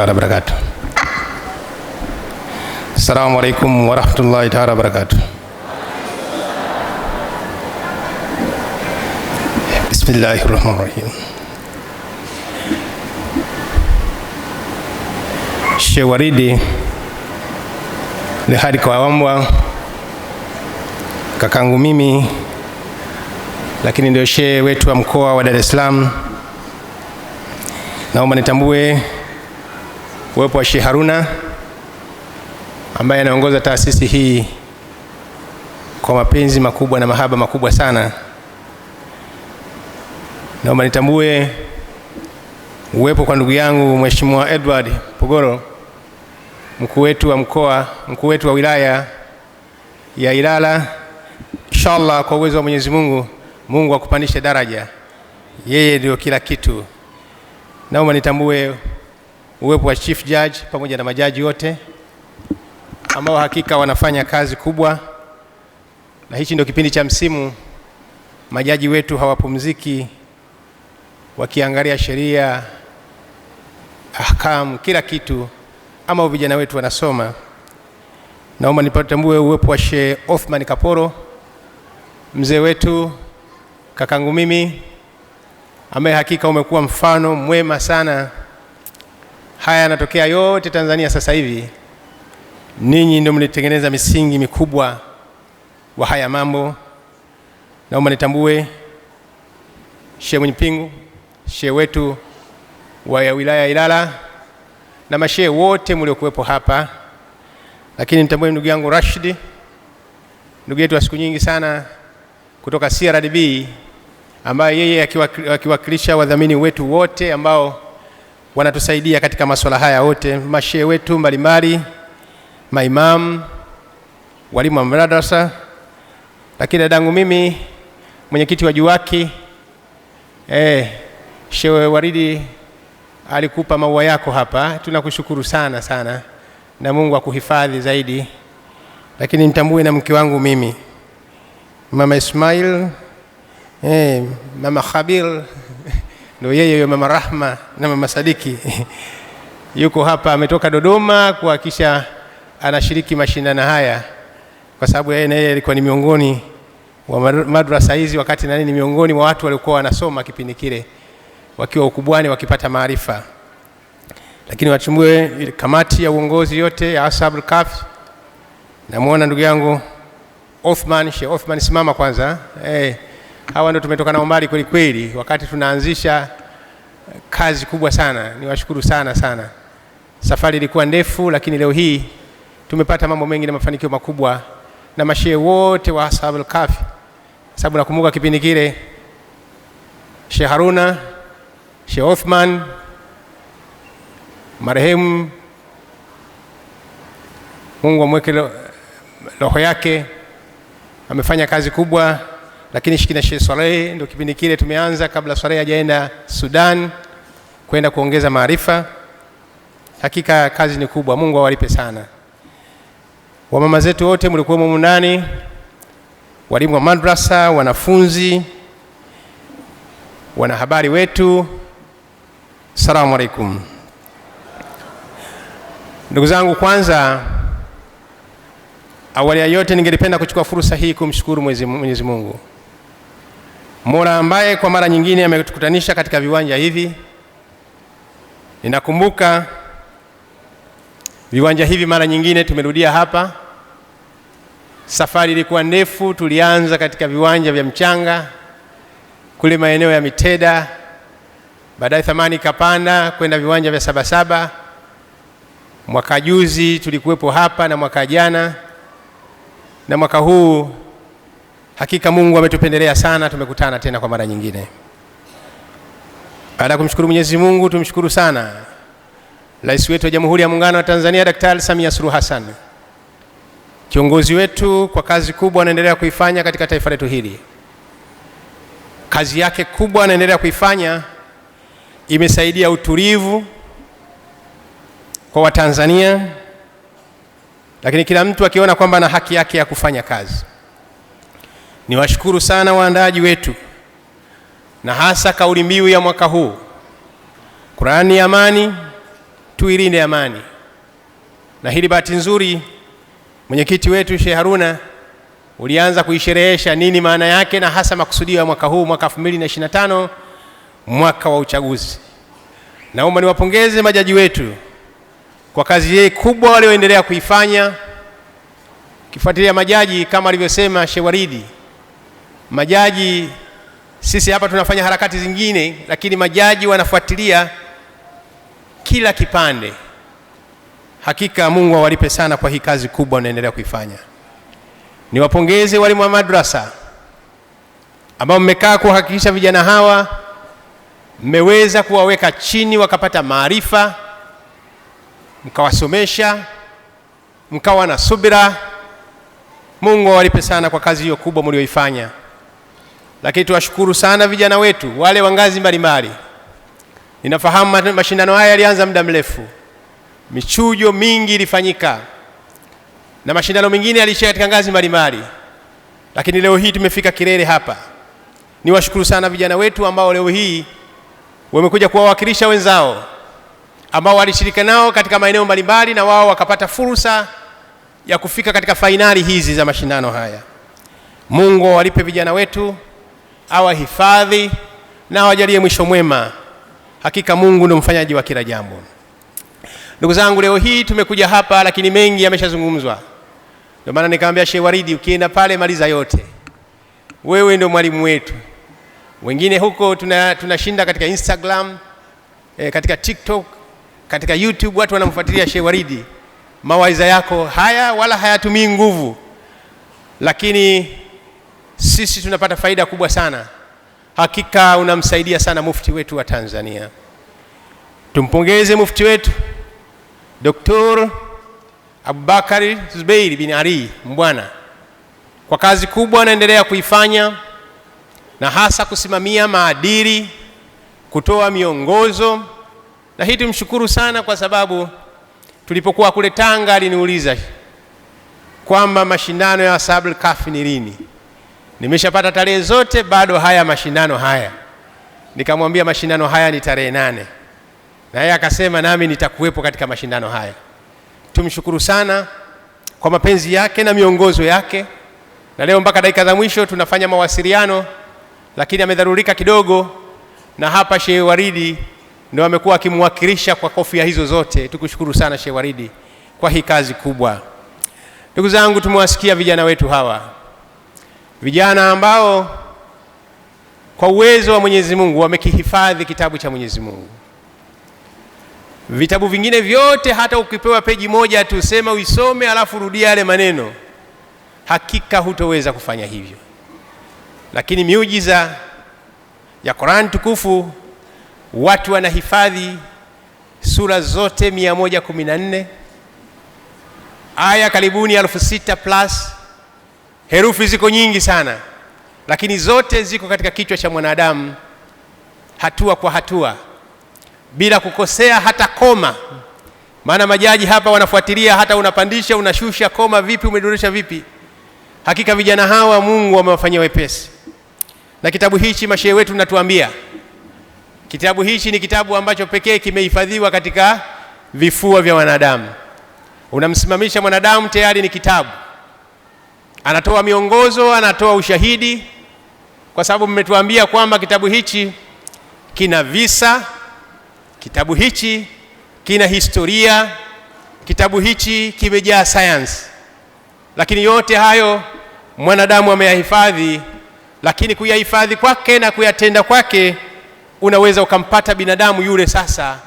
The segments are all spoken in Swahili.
taala barakatu. Assalamu alaikum warahmatullahi taala barakatu. Bismillahi rahmani rahim. Sheikh Waridi Lehadi Kawambwa kakangu mimi, lakini ndio shehe wetu wa mkoa wa Dar es Salaam. Naomba nitambue uwepo wa Sheikh Haruna ambaye anaongoza taasisi hii kwa mapenzi makubwa na mahaba makubwa sana. Naomba nitambue uwepo kwa ndugu yangu Mheshimiwa Edward Pogoro, mkuu wetu wa mkoa, mkuu wetu wa wilaya ya Ilala. Inshallah, kwa uwezo wa Mwenyezi Mungu, Mungu akupandishe daraja. Yeye ndio kila kitu. Naomba nitambue uwepo wa chief judge pamoja na majaji wote ambao hakika wanafanya kazi kubwa, na hichi ndio kipindi cha msimu, majaji wetu hawapumziki wakiangalia sheria, ahkamu, kila kitu, ama vijana wetu wanasoma. Naomba nipatambue uwepo wa Sheikh Othman Kaporo, mzee wetu, kakangu mimi, ambaye hakika umekuwa mfano mwema sana haya yanatokea yote Tanzania sasa hivi, ninyi ndio mlitengeneza misingi mikubwa wa haya mambo. Naomba nitambue shehe mwenye pingu, shehe wetu wa wilaya ya Ilala na mashehe wote mliokuwepo hapa, lakini nitambue ndugu yangu Rashid, ndugu yetu wa siku nyingi sana kutoka CRDB, ambaye yeye akiwakilisha wadhamini wetu wote ambao wanatusaidia katika masuala haya wote, mashehe wetu mbalimbali, maimamu, walimu wa madrasa, lakini dadangu mimi mwenyekiti wa Juwaki eh, shehe Waridi alikupa maua yako hapa, tunakushukuru sana sana, na Mungu akuhifadhi zaidi. Lakini nitambue na mke wangu mimi mama Ismail eh, mama Khabil ndio yeye huyo mama Rahma na mama Sadiki yuko hapa, ametoka Dodoma kuhakikisha anashiriki mashindano haya, kwa sababu yeye na yeye alikuwa ni miongoni wa madrasa hizi, wakati na ni miongoni mwa watu waliokuwa wanasoma kipindi kile wakiwa ukubwani, wakipata maarifa. Lakini wachumbue kamati ya uongozi yote ya al Kahfi, namwona ndugu yangu Othman, Sheikh Othman, simama kwanza, hey. Eh hawa ndio tumetoka nao mbali kweli kweli, wakati tunaanzisha kazi kubwa sana. Niwashukuru sana sana, safari ilikuwa ndefu, lakini leo hii tumepata mambo mengi na mafanikio makubwa na mashehe wote wa al Kahfi, sababu nakumbuka kipindi kile Sheikh Haruna, Sheikh Othman marehemu, Mungu amweke roho yake, amefanya kazi kubwa lakini shikina Sheikh Swaleh ndio kipindi kile tumeanza kabla Swaleh hajaenda Sudan kwenda kuongeza maarifa. Hakika kazi ni kubwa, Mungu awalipe sana wamama zetu wote mlikuwemo ndani, walimu wa madrasa, wanafunzi, wanahabari wetu, salamu alaikum. Ndugu zangu, kwanza awali ya yote, ningelipenda kuchukua fursa hii kumshukuru Mwenyezi Mungu Mola ambaye kwa mara nyingine ametukutanisha katika viwanja hivi. Ninakumbuka viwanja hivi mara nyingine tumerudia hapa. Safari ilikuwa ndefu, tulianza katika viwanja vya mchanga kule maeneo ya Miteda, baadaye thamani ikapanda kwenda viwanja vya Sabasaba. Mwaka juzi tulikuwepo hapa na mwaka jana na mwaka huu Hakika Mungu ametupendelea sana, tumekutana tena kwa mara nyingine. Baada ya kumshukuru Mwenyezi Mungu, tumshukuru sana Rais wetu wa Jamhuri ya Muungano wa Tanzania Daktari Samia Suluhu Hassan, kiongozi wetu, kwa kazi kubwa anaendelea kuifanya katika taifa letu hili. Kazi yake kubwa anaendelea kuifanya imesaidia utulivu kwa Watanzania, lakini kila mtu akiona kwamba ana haki yake ya kufanya kazi Niwashukuru sana waandaaji wetu na hasa kauli mbiu ya mwaka huu, Qur'ani ya amani, tuilinde amani. Na hili bahati nzuri mwenyekiti wetu Sheikh Haruna ulianza kuisherehesha nini maana yake na hasa makusudio ya mwaka huu, mwaka 2025 mwaka wa uchaguzi. Naomba niwapongeze majaji wetu kwa kazi yao kubwa walioendelea kuifanya. Kifuatilia majaji kama alivyosema Sheikh Waridi Majaji sisi hapa tunafanya harakati zingine, lakini majaji wanafuatilia kila kipande. Hakika Mungu awalipe sana kwa hii kazi kubwa unaendelea kuifanya. Niwapongeze walimu wa madrasa ambao mmekaa kuhakikisha vijana hawa mmeweza kuwaweka chini wakapata maarifa, mkawasomesha, mkawa na subira. Mungu awalipe sana kwa kazi hiyo kubwa mlioifanya. Lakini tuwashukuru sana vijana wetu wale wa ngazi mbalimbali. Ninafahamu mashindano haya yalianza muda mrefu, michujo mingi ilifanyika na mashindano mengine yaliishia katika ngazi mbalimbali, lakini leo hii tumefika kilele hapa. Niwashukuru sana vijana wetu ambao leo hii wamekuja kuwawakilisha wenzao ambao walishirika nao katika maeneo mbalimbali, na wao wakapata fursa ya kufika katika fainali hizi za mashindano haya. Mungu awalipe vijana wetu awahifadhi na awajalie mwisho mwema. Hakika Mungu ndio mfanyaji wa kila jambo. Ndugu zangu, leo hii tumekuja hapa, lakini mengi yameshazungumzwa. Ndio maana nikamwambia Sheikh Waridi, ukienda pale maliza yote, wewe ndio mwalimu wetu. Wengine huko tunashinda tuna katika Instagram eh, katika TikTok, katika YouTube, watu wanamfuatilia Sheikh Waridi. Mawaidha yako haya wala hayatumii nguvu, lakini sisi tunapata faida kubwa sana. Hakika unamsaidia sana mufti wetu wa Tanzania. Tumpongeze mufti wetu Dr. Abubakari Zubeiri bin Ali Mbwana kwa kazi kubwa anaendelea kuifanya na hasa kusimamia maadili, kutoa miongozo, na hii tumshukuru sana, kwa sababu tulipokuwa kule Tanga aliniuliza kwamba mashindano ya Sabl Kafi ni lini nimeshapata tarehe zote, bado haya mashindano haya. Nikamwambia mashindano haya ni tarehe nane, na yeye akasema nami nitakuwepo katika mashindano haya. Tumshukuru sana kwa mapenzi yake na miongozo yake, na leo mpaka dakika za mwisho tunafanya mawasiliano, lakini amedharurika kidogo, na hapa Sheikh Waridi ndio amekuwa akimwakilisha kwa kofia hizo zote. Tukushukuru sana Sheikh Waridi kwa hii kazi kubwa. Ndugu zangu, tumewasikia vijana wetu hawa vijana ambao kwa uwezo wa Mwenyezi Mungu wamekihifadhi kitabu cha Mwenyezi Mungu. Vitabu vingine vyote hata ukipewa peji moja tu, sema uisome, alafu rudia yale maneno, hakika hutoweza kufanya hivyo. Lakini miujiza ya Qur'an tukufu, watu wanahifadhi sura zote 114 aya karibuni elfu sita plus Herufi ziko nyingi sana, lakini zote ziko katika kichwa cha mwanadamu, hatua kwa hatua, bila kukosea hata koma. Maana majaji hapa wanafuatilia hata unapandisha unashusha koma vipi, umedondosha vipi. Hakika vijana hawa Mungu wamewafanyia wepesi. Na kitabu hichi mashehe wetu natuambia kitabu hichi ni kitabu ambacho pekee kimehifadhiwa katika vifua vya wanadamu. Unamsimamisha mwanadamu, tayari ni kitabu anatoa miongozo, anatoa ushahidi, kwa sababu mmetuambia kwamba kitabu hichi kina visa, kitabu hichi kina historia, kitabu hichi kimejaa sayansi. Lakini yote hayo mwanadamu ameyahifadhi, lakini kuyahifadhi kwake na kuyatenda kwake, unaweza ukampata binadamu yule sasa,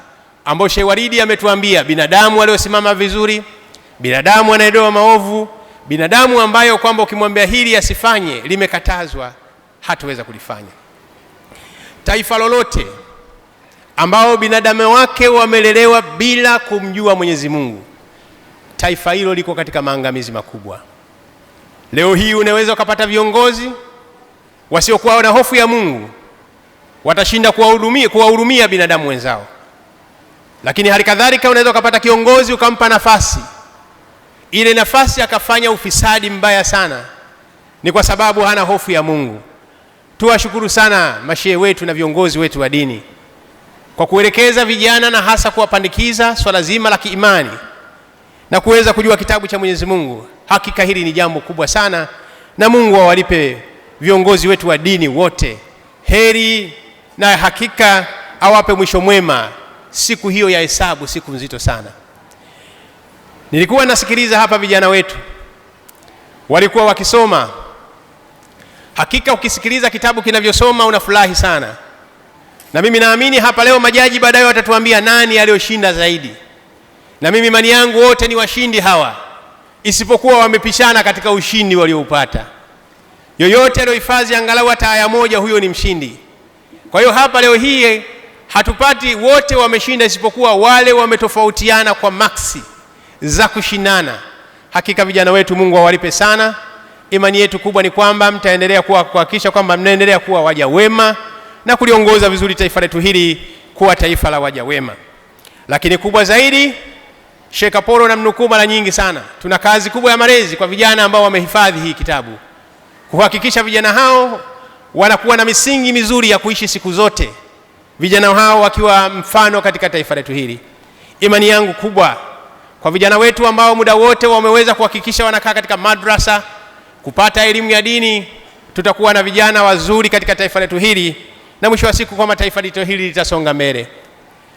ambao Sheikh Waridi ametuambia binadamu aliyosimama vizuri, binadamu anayedoa maovu binadamu ambayo kwamba ukimwambia hili asifanye limekatazwa, hatuweza kulifanya. Taifa lolote ambao binadamu wake wamelelewa bila kumjua Mwenyezi Mungu, taifa hilo liko katika maangamizi makubwa. Leo hii unaweza ukapata viongozi wasiokuwa na hofu ya Mungu, watashinda kuwahudumia kuwahurumia binadamu wenzao, lakini hali kadhalika unaweza ukapata kiongozi ukampa nafasi ile nafasi akafanya ufisadi mbaya sana, ni kwa sababu hana hofu ya Mungu. Tuwashukuru sana mashehe wetu na viongozi wetu wa dini kwa kuelekeza vijana na hasa kuwapandikiza swala zima la kiimani na kuweza kujua kitabu cha Mwenyezi Mungu. Hakika hili ni jambo kubwa sana, na Mungu awalipe viongozi wetu wa dini wote heri, na hakika awape mwisho mwema siku hiyo ya hesabu, siku nzito sana. Nilikuwa nasikiliza hapa vijana wetu walikuwa wakisoma. Hakika ukisikiliza kitabu kinavyosoma unafurahi sana, na mimi naamini hapa leo majaji baadaye watatuambia nani aliyoshinda zaidi, na mimi imani yangu wote ni washindi hawa, isipokuwa wamepishana katika ushindi walioupata. Yoyote aliyohifadhi angalau hata aya moja, huyo ni mshindi. Kwa hiyo hapa leo hii hatupati wote wameshinda, isipokuwa wale wametofautiana kwa maksi za kushindana. Hakika vijana wetu Mungu awalipe sana. Imani yetu kubwa ni kwamba mtaendelea kuwa kuhakikisha kwamba mnaendelea kuwa waja wema na kuliongoza vizuri taifa letu hili kuwa taifa la waja wema. Lakini kubwa zaidi, Sheikh Apollo na mnukuu mara nyingi sana, tuna kazi kubwa ya malezi kwa vijana ambao wamehifadhi hii kitabu, kuhakikisha vijana hao wanakuwa na misingi mizuri ya kuishi siku zote, vijana hao wakiwa mfano katika taifa letu hili. Imani yangu kubwa kwa vijana wetu ambao muda wote wameweza kuhakikisha wanakaa katika madrasa kupata elimu ya dini. Tutakuwa na vijana wazuri katika taifa letu hili, na mwisho wa siku kwamba taifa letu hili litasonga mbele.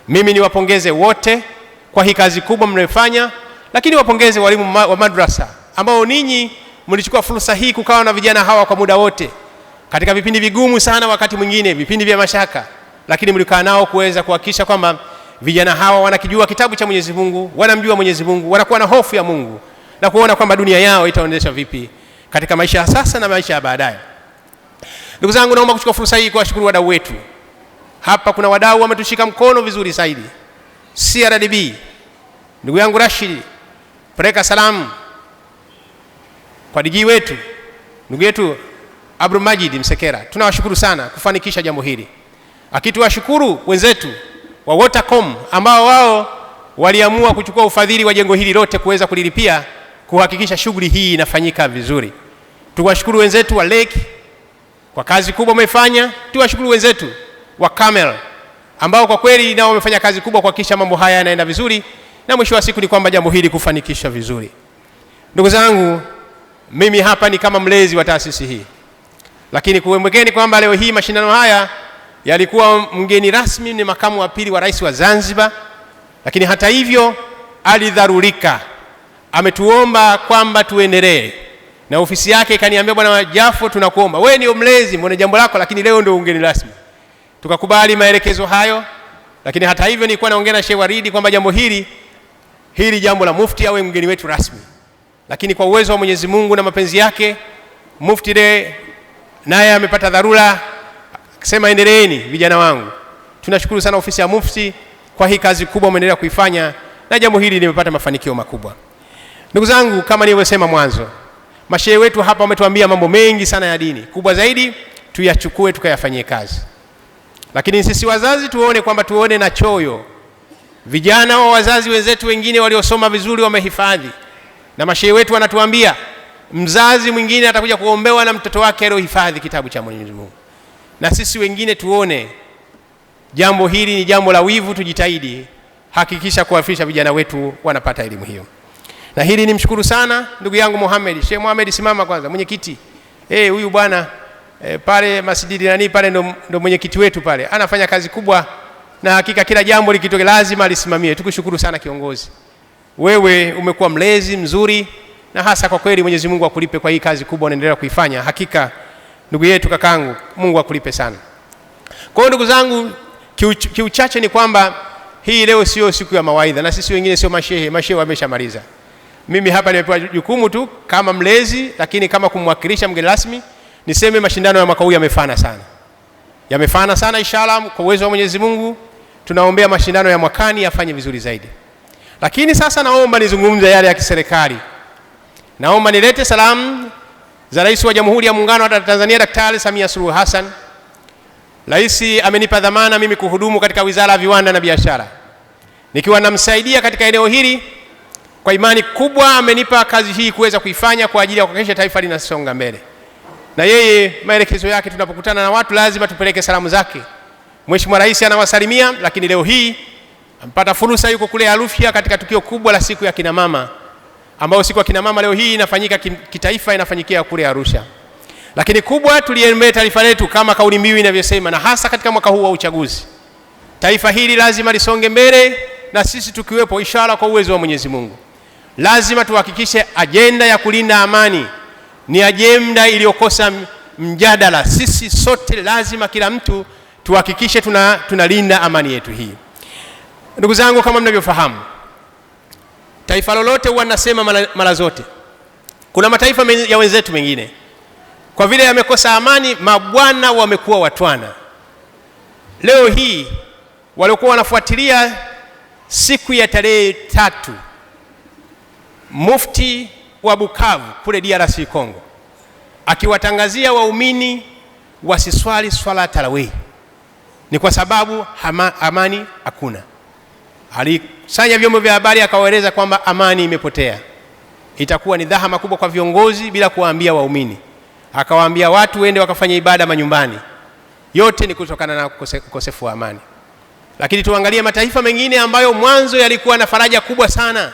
Mimi niwapongeze wote kwa hii kazi kubwa mnayofanya lakini wapongeze walimu wa madrasa ambao ninyi mlichukua fursa hii kukawa na vijana hawa kwa muda wote katika vipindi vigumu sana, wakati mwingine vipindi vya mashaka, lakini mlikaa nao kuweza kuhakikisha kwamba Vijana hawa wanakijua kitabu cha Mwenyezi Mungu, wanamjua Mwenyezi Mungu, wanakuwa na hofu ya Mungu na kuona kwamba dunia yao itaendeshwa vipi katika maisha ya sasa na maisha ya baadaye. Ndugu zangu, naomba kuchukua fursa hii kuwashukuru wadau wetu hapa. Kuna wadau wametushika mkono vizuri zaidi, CRDB, ndugu yangu Rashid, preka salamu kwa dijii wetu ndugu yetu Abdul Majid Msekera. Tunawashukuru sana kufanikisha jambo hili, akituwashukuru wenzetu wa Watercom ambao wao waliamua kuchukua ufadhili wa jengo hili lote kuweza kulilipia kuhakikisha shughuli hii inafanyika vizuri. Tuwashukuru wenzetu wa Lake kwa kazi kubwa wamefanya. Tuwashukuru wenzetu wa Camel ambao kwa kweli nao wamefanya kazi kubwa kuhakikisha mambo haya yanaenda vizuri, na mwisho wa siku ni kwamba jambo hili kufanikisha vizuri. Ndugu zangu, mimi hapa ni kama mlezi wa taasisi hii, lakini kuwembekeni kwamba leo hii mashindano haya yalikuwa mgeni rasmi ni makamu wa pili wa rais wa Zanzibar, lakini hata hivyo alidharurika. Ametuomba kwamba tuendelee na ofisi yake ikaniambia, bwana Jafo, tunakuomba wewe ndio mlezi, mbona jambo lako, lakini leo ndio ungeni rasmi. Tukakubali maelekezo hayo, lakini hata hivyo nilikuwa naongea na Sheikh Waridi kwamba jambo hili hili jambo la mufti awe mgeni wetu rasmi, lakini kwa uwezo wa Mwenyezi Mungu na mapenzi yake mufti de naye amepata dharura Akasema, endeleeni vijana wangu, tunashukuru sana ofisi ya Mufti kwa hii kazi kubwa umeendelea kuifanya, na jambo hili limepata mafanikio makubwa. Ndugu zangu, kama nilivyosema mwanzo, mashehe wetu hapa wametuambia mambo mengi sana ya dini, kubwa zaidi tuyachukue tukayafanyie kazi, lakini sisi wazazi tuone kwamba tuone na choyo vijana wa wazazi wenzetu wengine waliosoma vizuri wamehifadhi, na mashehe wetu wanatuambia mzazi mwingine atakuja kuombewa na mtoto wake aliohifadhi kitabu cha Mwenyezi Mungu na sisi wengine tuone jambo hili ni jambo la wivu, tujitahidi hakikisha kuwafisha vijana wetu wanapata elimu hiyo. Na hili nimshukuru sana ndugu yangu Mohamed Sheikh Mohamed, simama kwanza mwenyekiti. Eh, huyu bwana eh, pale masjidi nani pale ndo, ndo mwenyekiti wetu pale, anafanya kazi kubwa na hakika kila jambo likitoke lazima lisimamie. Tukushukuru sana kiongozi, wewe umekuwa mlezi mzuri, na hasa kwa kweli Mwenyezi Mungu akulipe kwa hii kazi kubwa unaendelea kuifanya hakika ndugu yetu kakangu, Mungu akulipe sana. Kwa hiyo ndugu zangu, kiuchache ni kwamba hii leo sio siku ya mawaidha, na sisi wengine sio mashehe, mashehe wameshamaliza. Mimi hapa nimepewa jukumu tu kama mlezi, lakini kama kumwakilisha mgeni rasmi. Niseme mashindano ya mwaka huu yamefana sana, yamefana sana. Inshallah, kwa uwezo wa Mwenyezi Mungu tunaombea mashindano ya mwakani yafanye vizuri zaidi. Lakini sasa naomba nizungumze yale ya kiserikali, naomba nilete salamu za Rais wa Jamhuri ya Muungano wa Tanzania Daktari Samia Suluhu Hassan. Rais amenipa dhamana mimi kuhudumu katika Wizara ya Viwanda na Biashara, nikiwa namsaidia katika eneo hili. Kwa imani kubwa amenipa kazi hii kuweza kuifanya kwa ajili ya kuhakikisha taifa linasonga mbele, na yeye maelekezo yake, tunapokutana na watu lazima tupeleke salamu zake. Mheshimiwa Rais anawasalimia, lakini leo hii ampata fursa, yuko kule Arusha katika tukio kubwa la siku ya kinamama ambayo siku kina mama leo hii inafanyika kitaifa, inafanyikia kule Arusha. Lakini kubwa tuliembee taifa letu kama kauli mbiu inavyosema, na hasa katika mwaka huu wa uchaguzi, taifa hili lazima lisonge mbele, na sisi tukiwepo, ishara kwa uwezo wa Mwenyezi Mungu. Lazima tuhakikishe ajenda ya kulinda amani ni ajenda iliyokosa mjadala. Sisi sote lazima, kila mtu tuhakikishe tunalinda tuna amani yetu hii. Ndugu zangu, kama mnavyofahamu Taifa lolote huwa nasema mara, mara zote, kuna mataifa ya wenzetu mengine kwa vile yamekosa amani, mabwana wamekuwa watwana. Leo hii waliokuwa wanafuatilia siku ya tarehe tatu, mufti wa Bukavu kule DRC Congo akiwatangazia waumini wasiswali swala tarawehi ni kwa sababu hama, amani hakuna. Alikusanya vyombo vya habari akawaeleza kwamba amani imepotea, itakuwa ni dhahama kubwa kwa viongozi bila kuwaambia waumini. Akawaambia watu wende wakafanya ibada manyumbani. Yote ni kutokana na ukosefu wa amani. Lakini tuangalie mataifa mengine ambayo mwanzo yalikuwa na faraja kubwa sana.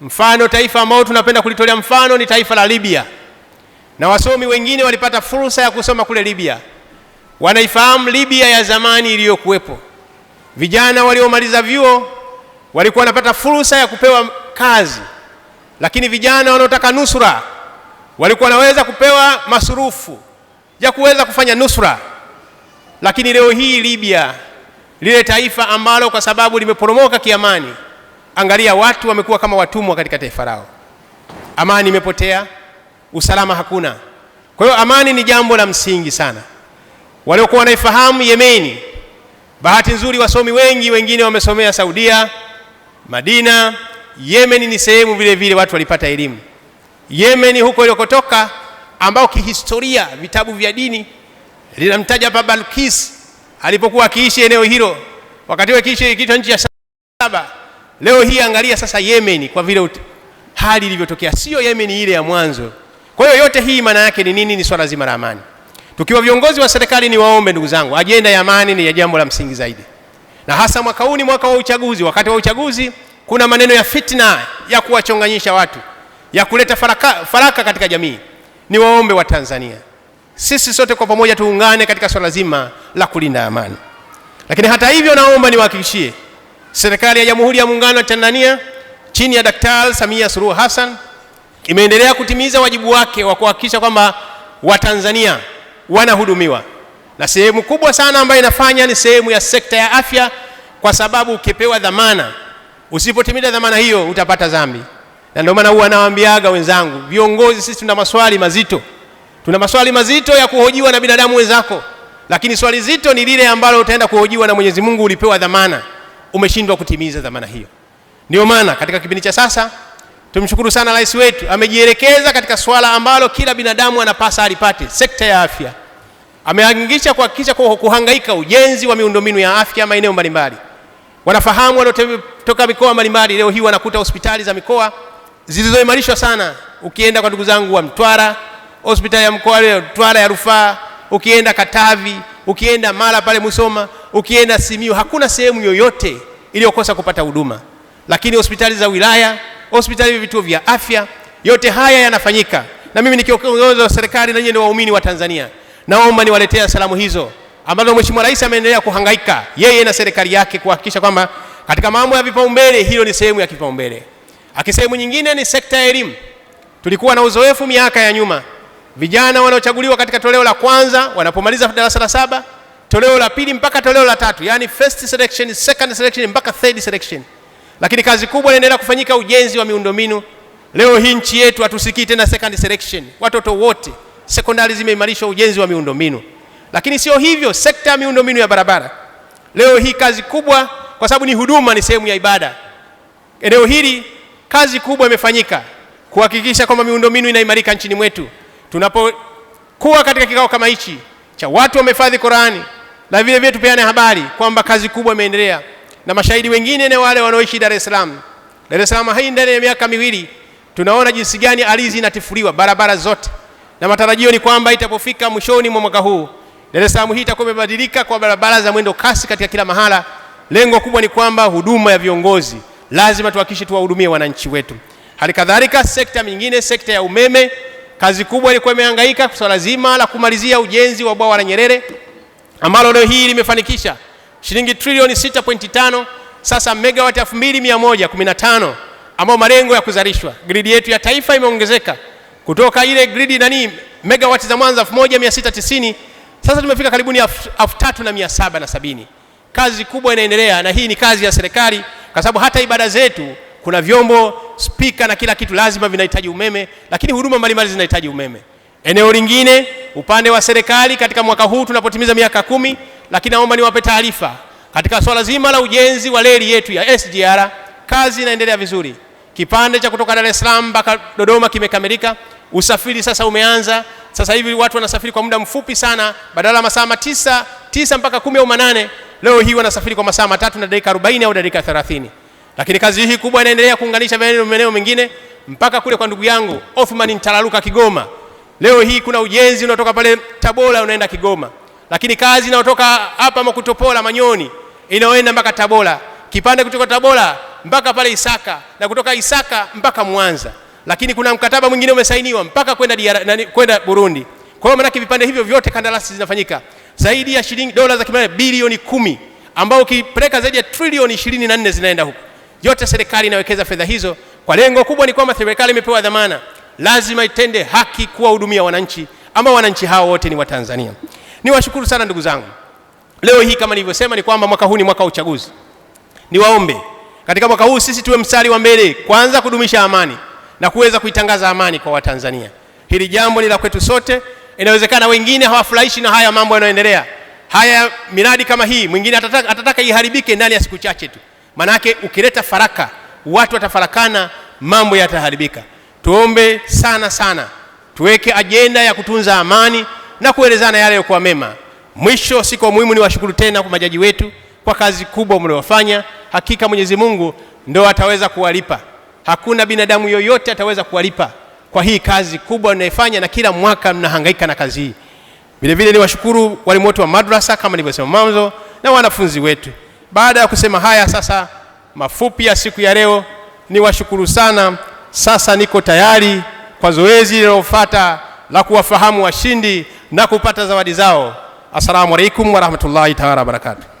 Mfano, taifa ambao tunapenda kulitolea mfano ni taifa la Libya, na wasomi wengine walipata fursa ya kusoma kule Libya, wanaifahamu Libya ya zamani iliyokuwepo. Vijana waliomaliza vyuo walikuwa wanapata fursa ya kupewa kazi, lakini vijana wanaotaka nusra walikuwa wanaweza kupewa masurufu ya kuweza kufanya nusura. Lakini leo hii Libya, lile taifa ambalo kwa sababu limeporomoka kiamani, angalia watu wamekuwa kama watumwa katika taifa lao. Amani imepotea, usalama hakuna. Kwa hiyo amani ni jambo la msingi sana. Waliokuwa wanaifahamu Yemeni Bahati nzuri wasomi wengi wengine wamesomea Saudia, Madina, Yemen ni sehemu vile vile watu walipata elimu. Yemen huko ilikotoka, ambao kihistoria vitabu vya dini linamtaja Baba Balkis alipokuwa akiishi eneo hilo, wakati kiishi kitu nchi ya Saba. Leo hii angalia sasa Yemen kwa vile hali ilivyotokea, sio Yemen ile ya mwanzo. Kwa hiyo yote hii maana yake ni nini? Ni swala zima la amani. Tukiwa viongozi wa serikali, ni waombe ndugu zangu, ajenda ya amani ni ya jambo la msingi zaidi, na hasa mwaka huu ni mwaka wa uchaguzi. Wakati wa uchaguzi kuna maneno ya fitna ya kuwachonganyisha watu ya kuleta faraka, faraka katika jamii. ni waombe wa tanzania sisi sote kwa pamoja tuungane katika swala zima la kulinda amani. Lakini hata hivyo, naomba niwahakikishie serikali ya Jamhuri ya Muungano wa Tanzania chini ya Daktari Samia Suluhu Hassan imeendelea kutimiza wajibu wake wa kuhakikisha kwamba Watanzania wanahudumiwa, na sehemu kubwa sana ambayo inafanya ni sehemu ya sekta ya afya, kwa sababu ukipewa dhamana, usipotimiza dhamana hiyo utapata dhambi. Na ndio maana huwa nawaambiaga wenzangu viongozi, sisi tuna maswali mazito, tuna maswali mazito ya kuhojiwa na binadamu wenzako, lakini swali zito ni lile ambalo utaenda kuhojiwa na Mwenyezi Mungu. Ulipewa dhamana, umeshindwa kutimiza dhamana hiyo. Ndio maana katika kipindi cha sasa Tumshukuru sana rais wetu, amejielekeza katika swala ambalo kila binadamu anapasa alipate, sekta ya afya. Amehakikisha kuhakikisha kwa kuhangaika ujenzi wa miundombinu ya afya maeneo mbalimbali. Wanafahamu waliotoka mikoa mbalimbali, leo hii wanakuta hospitali za mikoa zilizoimarishwa sana. Ukienda kwa ndugu zangu wa Mtwara, hospitali ya mkoa leo Mtwara ya rufaa, ukienda Katavi, ukienda Mara pale Musoma, ukienda Simiyu, hakuna sehemu yoyote iliyokosa kupata huduma, lakini hospitali za wilaya hospitali, vituo vya afya, yote haya yanafanyika. Na mimi ni kiongozi wa serikali na nyinyi ni waumini wa Tanzania, naomba niwaletea salamu hizo ambazo Mheshimiwa Rais ameendelea kuhangaika yeye na serikali yake kuhakikisha kwamba katika mambo ya vipaumbele, hilo ni sehemu ya kipaumbele. Akisehemu nyingine ni sekta ya elimu. Tulikuwa na uzoefu miaka ya nyuma, vijana wanaochaguliwa katika toleo la kwanza wanapomaliza darasa la saba, toleo la pili mpaka toleo la tatu, yani first selection, second selection mpaka third selection lakini kazi kubwa inaendelea kufanyika, ujenzi wa miundombinu. Leo hii nchi yetu hatusikii tena second selection, watoto wote sekondari zimeimarishwa, ujenzi wa miundombinu. Lakini sio hivyo, sekta ya miundombinu ya barabara leo hii kazi kubwa, kwa sababu ni huduma, ni sehemu ya ibada. Eneo hili kazi kubwa imefanyika kuhakikisha kwamba miundombinu inaimarika nchini mwetu. Tunapokuwa katika kikao kama hichi cha watu wamehifadhi Qurani na vile vile tupeane habari kwamba kazi kubwa imeendelea na mashahidi wengine ni wale wanaoishi Dar es Salaam. Dar es Salaam hii ndani ya miaka miwili tunaona jinsi gani ardhi inatifuliwa barabara zote, na matarajio ni kwamba itapofika mwishoni mwa mwaka huu Dar es Salaam hii itakuwa imebadilika kwa barabara za mwendo kasi katika kila mahala. Lengo kubwa ni kwamba huduma ya viongozi lazima tuhakikishe tuwahudumie wananchi wetu. Hali kadhalika sekta nyingine, sekta ya umeme, kazi kubwa ilikuwa imehangaika swala zima la kumalizia ujenzi wa bwawa la Nyerere ambalo leo hii limefanikisha shilingi trilioni 6.5 sasa megawati 2115 ambayo malengo ya kuzalishwa. Gridi yetu ya taifa imeongezeka kutoka ile gridi nani megawati za mwanza 1690 sasa tumefika karibuni elfu na mia saba na sabini. Kazi kubwa inaendelea, na hii ni kazi ya serikali, kwa sababu hata ibada zetu kuna vyombo spika na kila kitu lazima vinahitaji umeme, lakini huduma mbalimbali zinahitaji umeme. Eneo lingine upande wa serikali, katika mwaka huu tunapotimiza miaka kumi lakini naomba niwape taarifa katika swala zima la ujenzi wa reli yetu ya SGR, kazi inaendelea vizuri. Kipande cha kutoka Dar es Salaam mpaka Dodoma kimekamilika. Usafiri sasa umeanza. Sasa hivi watu wanasafiri kwa muda mfupi sana, badala masaa tisa, tisa mpaka kumi au manane, leo hii wanasafiri kwa masaa matatu na dakika 40 au dakika 30. Lakini kazi hii kubwa inaendelea kuunganisha maeneo mengine mpaka kule kwa ndugu yangu Othman Ntalaluka Kigoma. Leo hii kuna ujenzi unatoka pale Tabora unaenda Kigoma lakini kazi inayotoka hapa Makutopola Manyoni inayoenda mpaka Tabora, kipande kutoka Tabora mpaka pale Isaka na kutoka Isaka mpaka Mwanza, lakini kuna mkataba mwingine umesainiwa mpaka kwenda kwenda Burundi. Kwa hiyo maanake vipande hivyo vyote kandarasi zinafanyika zaidi ya shilingi dola za Kimarekani bilioni kumi ambao ukipeleka zaidi ya trilioni nne zinaenda huko. Yote serikali inawekeza fedha hizo kwa lengo kubwa, ni kwamba serikali imepewa dhamana, lazima itende haki kuwahudumia wananchi, ambao wananchi hao wote ni Watanzania. Niwashukuru sana ndugu zangu. Leo hii kama nilivyosema, ni kwamba mwaka huu ni mwaka wa uchaguzi. Niwaombe katika mwaka huu sisi tuwe mstari wa mbele, kwanza kudumisha amani na kuweza kuitangaza amani kwa Watanzania. Hili jambo ni la kwetu sote. Inawezekana wengine hawafurahishi na haya mambo yanayoendelea, haya miradi kama hii, mwingine atataka, atataka iharibike ndani ya siku chache tu, manake ukileta faraka watu watafarakana, mambo yataharibika. Tuombe sana sana tuweke ajenda ya kutunza amani na kuelezana yale yaliyokuwa mema. Mwisho siku muhimu, ni washukuru tena kwa majaji wetu kwa kazi kubwa mliofanya. Hakika Mwenyezi Mungu ndo ataweza kuwalipa, hakuna binadamu yoyote ataweza kuwalipa kwa hii kazi kubwa mnayofanya, na kila mwaka mnahangaika na kazi hii. Vilevile ni washukuru walimu wetu wa madrasa kama nilivyosema mwanzo na wanafunzi wetu. Baada ya kusema haya sasa mafupi ya siku ya leo, ni washukuru sana. Sasa niko tayari kwa zoezi linalofuata la kuwafahamu washindi na kupata zawadi zao. Assalamu alaikum warahmatullahi taala wabarakatuh.